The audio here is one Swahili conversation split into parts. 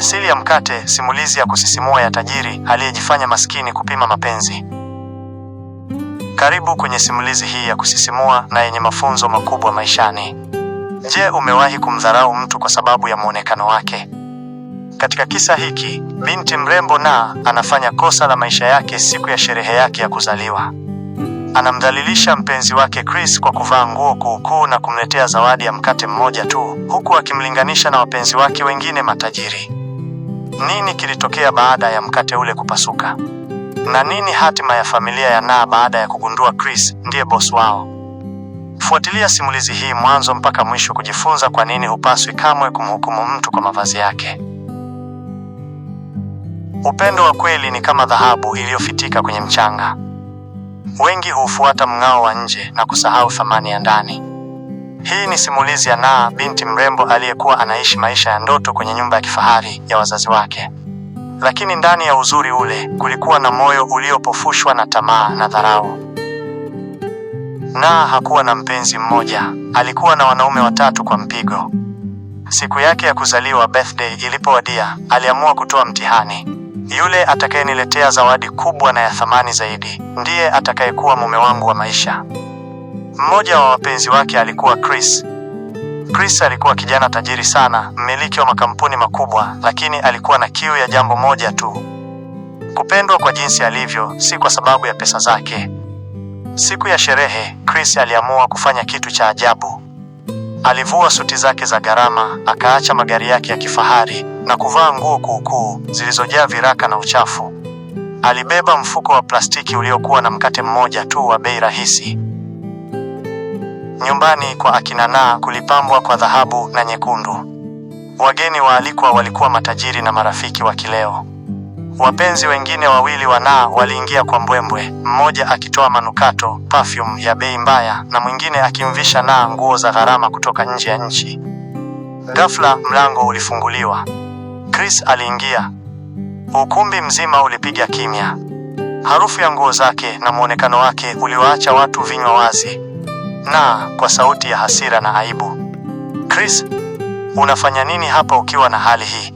Siri ya mkate, simulizi ya kusisimua ya tajiri aliyejifanya maskini kupima mapenzi. Karibu kwenye simulizi hii ya kusisimua na yenye mafunzo makubwa maishani. Je, umewahi kumdharau mtu kwa sababu ya muonekano wake? Katika kisa hiki, binti mrembo na anafanya kosa la maisha yake siku ya sherehe yake ya kuzaliwa. Anamdhalilisha mpenzi wake Chris kwa kuvaa nguo kuukuu na kumletea zawadi ya mkate mmoja tu, huku akimlinganisha na wapenzi wake wengine matajiri. Nini kilitokea baada ya mkate ule kupasuka? Na nini hatima ya familia ya Naa baada ya kugundua Chris ndiye bosi wao? Fuatilia simulizi hii mwanzo mpaka mwisho kujifunza kwa nini hupaswi kamwe kumhukumu mtu kwa mavazi yake. Upendo wa kweli ni kama dhahabu iliyofitika kwenye mchanga. Wengi huufuata mng'ao wa nje na kusahau thamani ya ndani. Hii ni simulizi ya Naa, binti mrembo aliyekuwa anaishi maisha ya ndoto kwenye nyumba ya kifahari ya wazazi wake, lakini ndani ya uzuri ule kulikuwa na moyo uliopofushwa na tamaa na dharau. Naa hakuwa na mpenzi mmoja, alikuwa na wanaume watatu kwa mpigo. Siku yake ya kuzaliwa birthday ilipowadia, aliamua kutoa mtihani. Yule atakayeniletea zawadi kubwa na ya thamani zaidi ndiye atakayekuwa mume wangu wa maisha. Mmoja wa wapenzi wake alikuwa Chris. Chris alikuwa kijana tajiri sana, mmiliki wa makampuni makubwa, lakini alikuwa na kiu ya jambo moja tu: kupendwa kwa jinsi alivyo, si kwa sababu ya pesa zake. Siku ya sherehe, Chris aliamua kufanya kitu cha ajabu. Alivua suti zake za gharama, akaacha magari yake ya kifahari na kuvaa nguo kuukuu zilizojaa viraka na uchafu. Alibeba mfuko wa plastiki uliokuwa na mkate mmoja tu wa bei rahisi. Nyumbani kwa akina Na kulipambwa kwa dhahabu na nyekundu. Wageni waalikwa walikuwa matajiri na marafiki wa kileo. Wapenzi wengine wawili wa Na waliingia kwa mbwembwe, mmoja akitoa manukato perfume ya bei mbaya na mwingine akimvisha Na nguo za gharama kutoka nje ya nchi. Ghafla mlango ulifunguliwa. Chris aliingia. Ukumbi mzima ulipiga kimya. Harufu ya nguo zake na mwonekano wake uliwaacha watu vinywa wazi na kwa sauti ya hasira na aibu. Chris, unafanya nini hapa ukiwa na hali hii?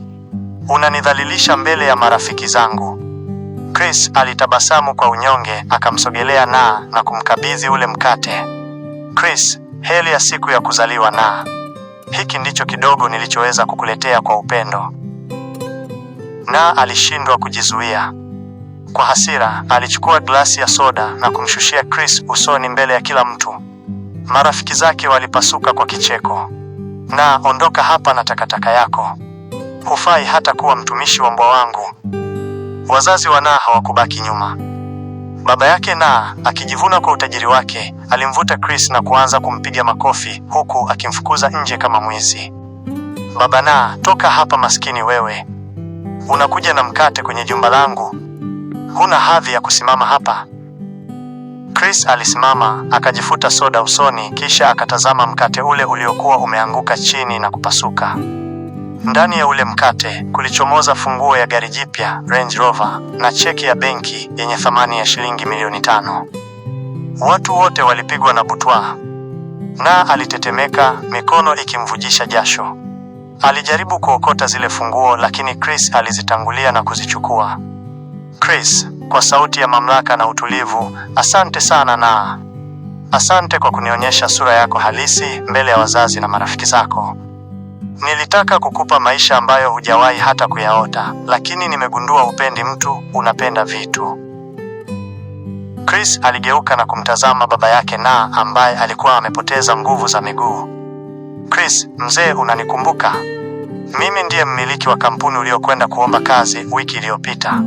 Unanidhalilisha mbele ya marafiki zangu. Chris alitabasamu kwa unyonge, akamsogelea na na kumkabidhi ule mkate. Chris, heli ya siku ya kuzaliwa na hiki ndicho kidogo nilichoweza kukuletea kwa upendo. Na alishindwa kujizuia. Kwa hasira, alichukua glasi ya soda na kumshushia Chris usoni mbele ya kila mtu. Marafiki zake walipasuka kwa kicheko. Na ondoka hapa na takataka yako, hufai hata kuwa mtumishi wa mbwa wangu. Wazazi wa Naa hawakubaki nyuma. Baba yake Naa, akijivuna kwa utajiri wake, alimvuta Chris na kuanza kumpiga makofi huku akimfukuza nje kama mwizi. Baba Naa, toka hapa maskini wewe, unakuja na mkate kwenye jumba langu, huna hadhi ya kusimama hapa. Chris alisimama akajifuta soda usoni, kisha akatazama mkate ule uliokuwa umeanguka chini na kupasuka. Ndani ya ule mkate kulichomoza funguo ya gari jipya Range Rover na cheki ya benki yenye thamani ya shilingi milioni tano. Watu wote walipigwa na butwa, na alitetemeka, mikono ikimvujisha jasho. Alijaribu kuokota zile funguo, lakini Chris alizitangulia na kuzichukua. Chris kwa sauti ya mamlaka na utulivu, asante sana na asante kwa kunionyesha sura yako halisi mbele ya wazazi na marafiki zako. Nilitaka kukupa maisha ambayo hujawahi hata kuyaota, lakini nimegundua upendi mtu, unapenda vitu. Chris aligeuka na kumtazama baba yake na ambaye alikuwa amepoteza nguvu za miguu. Chris, mzee, unanikumbuka? Mimi ndiye mmiliki wa kampuni uliokwenda kuomba kazi wiki iliyopita.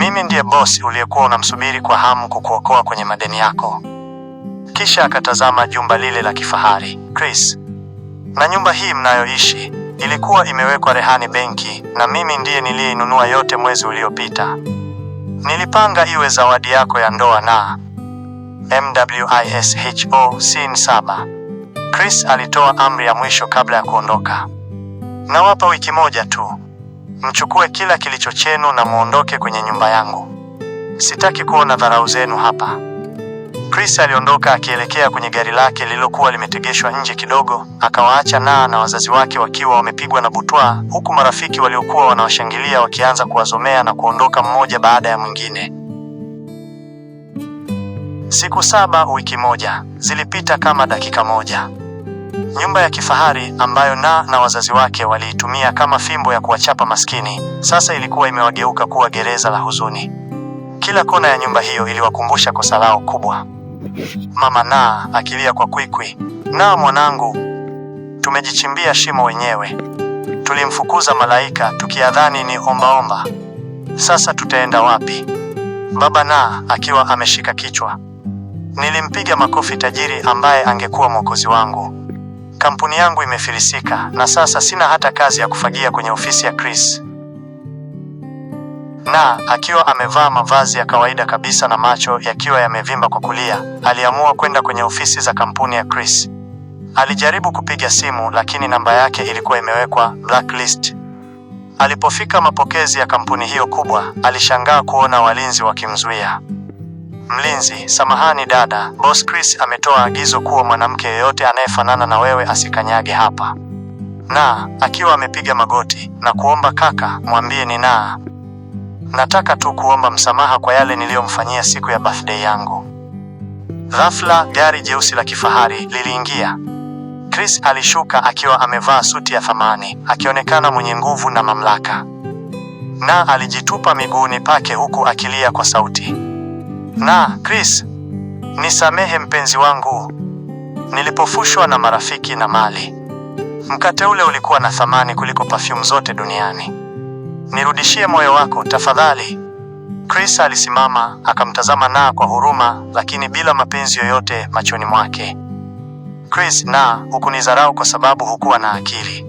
Mimi ndiye bosi uliyekuwa unamsubiri kwa hamu kukuokoa kwenye madeni yako. Kisha akatazama jumba lile la kifahari. Chris, na nyumba hii mnayoishi ilikuwa imewekwa rehani benki, na mimi ndiye niliyeinunua yote mwezi uliopita. Nilipanga iwe zawadi yako ya ndoa na MWISHO sin saba. Chris alitoa amri ya mwisho kabla ya kuondoka. Nawapa wiki moja tu mchukue kila kilicho chenu na muondoke kwenye nyumba yangu. Sitaki kuona dharau zenu hapa. Chris aliondoka akielekea kwenye gari lake lililokuwa limetegeshwa nje kidogo, akawaacha Naa na wazazi wake wakiwa wamepigwa na butwa huku marafiki waliokuwa wanawashangilia wakianza kuwazomea na kuondoka mmoja baada ya mwingine. Siku saba, wiki moja, zilipita kama dakika moja. Nyumba ya kifahari ambayo Na na wazazi wake waliitumia kama fimbo ya kuwachapa maskini, sasa ilikuwa imewageuka kuwa gereza la huzuni. Kila kona ya nyumba hiyo iliwakumbusha kosa lao kubwa. Mama Na akilia kwa kwikwi, Na mwanangu, tumejichimbia shimo wenyewe. Tulimfukuza malaika tukiadhani ni ombaomba. Sasa tutaenda wapi? Baba Na akiwa ameshika kichwa, nilimpiga makofi tajiri ambaye angekuwa mwokozi wangu. Kampuni yangu imefilisika na sasa sina hata kazi ya kufagia kwenye ofisi ya Chris. Na akiwa amevaa mavazi ya kawaida kabisa na macho yakiwa yamevimba kwa kulia, aliamua kwenda kwenye ofisi za kampuni ya Chris. Alijaribu kupiga simu lakini namba yake ilikuwa imewekwa blacklist. Alipofika mapokezi ya kampuni hiyo kubwa, alishangaa kuona walinzi wakimzuia. Mlinzi: samahani dada, Boss Chris ametoa agizo kuwa mwanamke yeyote anayefanana na wewe asikanyage hapa. Na akiwa amepiga magoti na kuomba, kaka, mwambie ni naa nataka tu kuomba msamaha kwa yale niliyomfanyia siku ya birthday yangu. Ghafla gari jeusi la kifahari liliingia. Chris alishuka akiwa amevaa suti ya thamani, akionekana mwenye nguvu na mamlaka, na alijitupa miguuni pake huku akilia kwa sauti. Na Chris, nisamehe mpenzi wangu, nilipofushwa na marafiki na mali. Mkate ule ulikuwa na thamani kuliko perfume zote duniani. Nirudishie moyo wako tafadhali. Chris alisimama akamtazama Na kwa huruma, lakini bila mapenzi yoyote machoni mwake. Chris, Na, hukunidharau kwa sababu hukuwa na akili.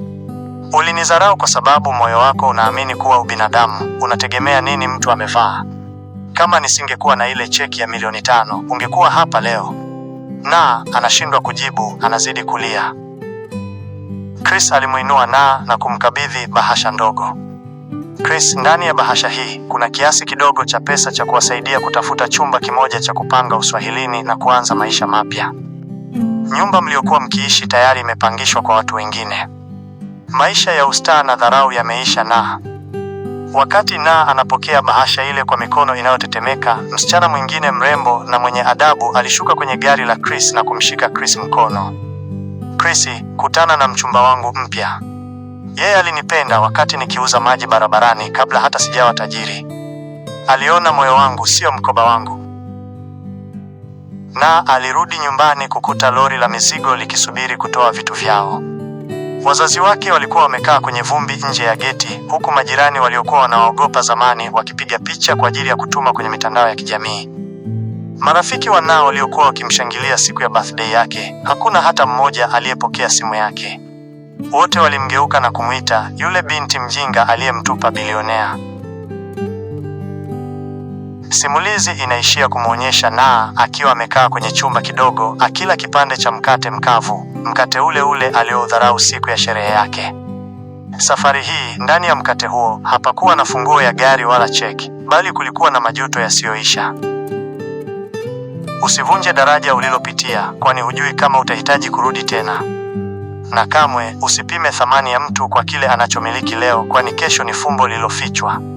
Ulinidharau kwa sababu moyo wako unaamini kuwa ubinadamu unategemea nini mtu amevaa. Kama nisingekuwa na ile cheki ya milioni tano ungekuwa hapa leo. Na anashindwa kujibu, anazidi kulia. Chris alimuinua na na kumkabidhi bahasha ndogo. Chris, ndani ya bahasha hii kuna kiasi kidogo cha pesa cha kuwasaidia kutafuta chumba kimoja cha kupanga uswahilini na kuanza maisha mapya. Nyumba mliokuwa mkiishi tayari imepangishwa kwa watu wengine. Maisha ya ustaa na dharau yameisha na Wakati Na anapokea bahasha ile kwa mikono inayotetemeka, msichana mwingine mrembo na mwenye adabu alishuka kwenye gari la Chris na kumshika Chris mkono. Chris, kutana na mchumba wangu mpya. Yeye alinipenda wakati nikiuza maji barabarani kabla hata sijawa tajiri. Aliona moyo wangu, sio mkoba wangu. Na alirudi nyumbani kukuta lori la mizigo likisubiri kutoa vitu vyao. Wazazi wake walikuwa wamekaa kwenye vumbi nje ya geti, huku majirani waliokuwa wanaogopa zamani wakipiga picha kwa ajili ya kutuma kwenye mitandao ya kijamii. Marafiki wanao waliokuwa wakimshangilia siku ya birthday yake, hakuna hata mmoja aliyepokea simu yake. Wote walimgeuka na kumwita yule binti mjinga aliyemtupa bilionea. Simulizi inaishia kumwonyesha Naa akiwa amekaa kwenye chumba kidogo akila kipande cha mkate mkavu mkate ule ule aliyoudharau siku ya sherehe yake. Safari hii ndani ya mkate huo hapakuwa na funguo ya gari wala cheki, bali kulikuwa na majuto yasiyoisha. Usivunje daraja ulilopitia, kwani hujui kama utahitaji kurudi tena, na kamwe usipime thamani ya mtu kwa kile anachomiliki leo, kwani kesho ni fumbo lililofichwa.